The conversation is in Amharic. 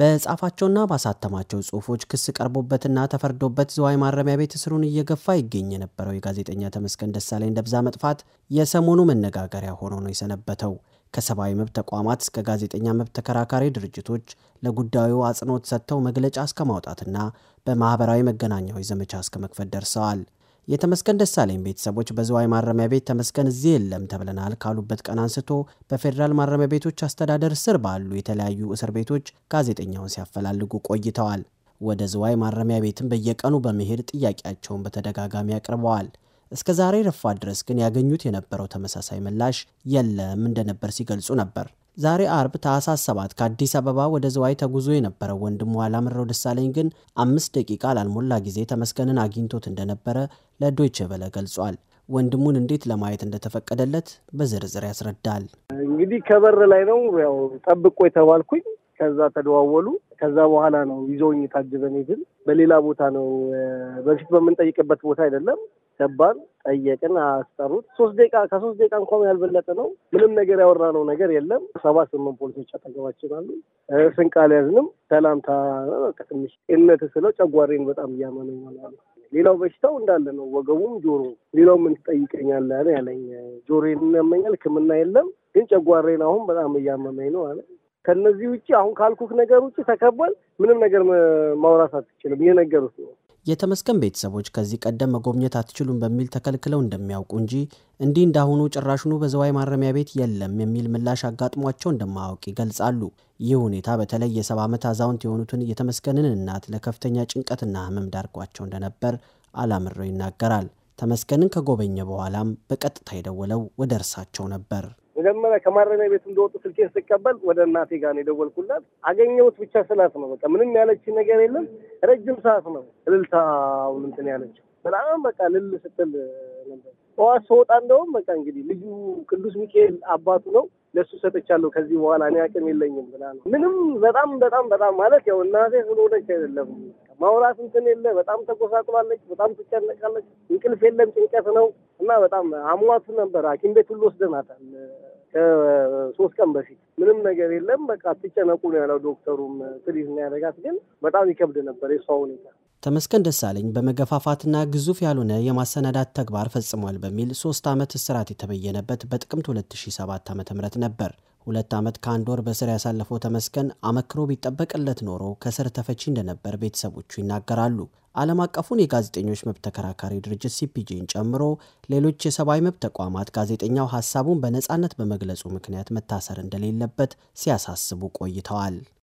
በጻፋቸውና ባሳተማቸው ጽሁፎች ክስ ቀርቦበትና ተፈርዶበት ዝዋይ ማረሚያ ቤት እስሩን እየገፋ ይገኝ የነበረው የጋዜጠኛ ተመስገን ደሳለኝ ደብዛ መጥፋት የሰሞኑ መነጋገሪያ ሆኖ ነው የሰነበተው። ከሰብአዊ መብት ተቋማት እስከ ጋዜጠኛ መብት ተከራካሪ ድርጅቶች ለጉዳዩ አጽንኦት ሰጥተው መግለጫ እስከ ማውጣትና በማኅበራዊ መገናኛዎች ዘመቻ እስከ መክፈት ደርሰዋል። የተመስገን ደሳለኝ ቤተሰቦች በዝዋይ ማረሚያ ቤት ተመስገን እዚህ የለም ተብለናል ካሉበት ቀን አንስቶ በፌዴራል ማረሚያ ቤቶች አስተዳደር ስር ባሉ የተለያዩ እስር ቤቶች ጋዜጠኛውን ሲያፈላልጉ ቆይተዋል። ወደ ዝዋይ ማረሚያ ቤትም በየቀኑ በመሄድ ጥያቄያቸውን በተደጋጋሚ አቅርበዋል። እስከ ዛሬ ረፋድ ድረስ ግን ያገኙት የነበረው ተመሳሳይ ምላሽ የለም እንደነበር ሲገልጹ ነበር። ዛሬ አርብ ታህሳስ 7 ከአዲስ አበባ ወደ ዝዋይ ተጉዞ የነበረው ወንድሙ አላምረው ደሳለኝ ግን አምስት ደቂቃ ላልሞላ ጊዜ ተመስገንን አግኝቶት እንደነበረ ለዶይቼ ቬለ ገልጿል። ወንድሙን እንዴት ለማየት እንደተፈቀደለት በዝርዝር ያስረዳል። እንግዲህ ከበር ላይ ነው ያው ጠብቆ የተባልኩኝ። ከዛ ተደዋወሉ። ከዛ በኋላ ነው ይዞኝ የታጀበን ሄድን። በሌላ ቦታ ነው በፊት በምንጠይቅበት ቦታ አይደለም ገባን፣ ጠየቅን፣ አስጠሩት። ሶስት ደቂቃ ከሶስት ደቂቃ እንኳን ያልበለጠ ነው። ምንም ነገር ያወራነው ነገር የለም። ሰባ ስምንት ፖሊሶች አጠገባችን አሉ። ስንቅ አልያዝንም። ሰላምታ ትንሽ ጤንነት ስለው ጨጓሬን በጣም እያመመኝ ነው። ሌላው በሽታው እንዳለ ነው፣ ወገቡም ጆሮ። ሌላው ምን ትጠይቀኛለህ ያለኝ፣ ጆሮዬን ያመኛል፣ ሕክምና የለም ግን ጨጓሬን አሁን በጣም እያመመኝ ነው አለ። ከነዚህ ውጭ አሁን ካልኩክ ነገር ውጭ ተከቧል። ምንም ነገር ማውራት አትችልም። ይህ ነገሩት ነው የተመስገን ቤተሰቦች ከዚህ ቀደም መጎብኘት አትችሉም በሚል ተከልክለው እንደሚያውቁ እንጂ እንዲህ እንዳሁኑ ጭራሽኑ በዘዋይ ማረሚያ ቤት የለም የሚል ምላሽ አጋጥሟቸው እንደማያውቅ ይገልጻሉ። ይህ ሁኔታ በተለይ የሰባ ዓመት አዛውንት የሆኑትን የተመስገንን እናት ለከፍተኛ ጭንቀትና ሕመም ዳርጓቸው እንደነበር አላምረው ይናገራል። ተመስገንን ከጎበኘ በኋላም በቀጥታ የደወለው ወደ እርሳቸው ነበር። መጀመሪያ ከማረሚያ ቤት እንደወጡ ስልኬን ስቀበል ወደ እናቴ ጋር ነው የደወልኩላት። አገኘሁት ብቻ ስላት ነው በቃ ምንም ያለች ነገር የለም። ረጅም ሰዓት ነው እልልታውን እንትን ያለችው። በጣም በቃ ልል ስትል ነበር። ጠዋት ስወጣ እንደውም በቃ እንግዲህ ልዩ ቅዱስ ሚካኤል አባቱ ነው ለእሱ ሰጥቻለሁ። ከዚህ በኋላ እኔ አቅም የለኝም ብላ ነው ምንም በጣም በጣም በጣም ማለት ያው እናቴ ስለሆነች አይደለም ማውራት እንትን የለ በጣም ተጎሳቅሏለች። በጣም ትጨነቃለች። እንቅልፍ የለም፣ ጭንቀት ነው እና በጣም አሟቱ ነበር። ሐኪም ቤት ሁሉ ወስደናታል። ከሶስት ቀን በፊት ምንም ነገር የለም፣ በቃ አትጨነቁ ነው ያለው ዶክተሩም። ትሪት ያደረጋት፣ ግን በጣም ይከብድ ነበር የሷ ሁኔታ። ተመስገን ደሳለኝ በመገፋፋትና ግዙፍ ያልሆነ የማሰናዳት ተግባር ፈጽሟል በሚል ሶስት ዓመት እስራት የተበየነበት በጥቅምት 2007 ዓ ም ነበር። ሁለት ዓመት ከአንድ ወር በስር ያሳለፈው ተመስገን አመክሮ ቢጠበቅለት ኖሮ ከስር ተፈቺ እንደነበር ቤተሰቦቹ ይናገራሉ። ዓለም አቀፉን የጋዜጠኞች መብት ተከራካሪ ድርጅት ሲፒጂን ጨምሮ ሌሎች የሰብአዊ መብት ተቋማት ጋዜጠኛው ሀሳቡን በነፃነት በመግለጹ ምክንያት መታሰር እንደሌለበት ሲያሳስቡ ቆይተዋል።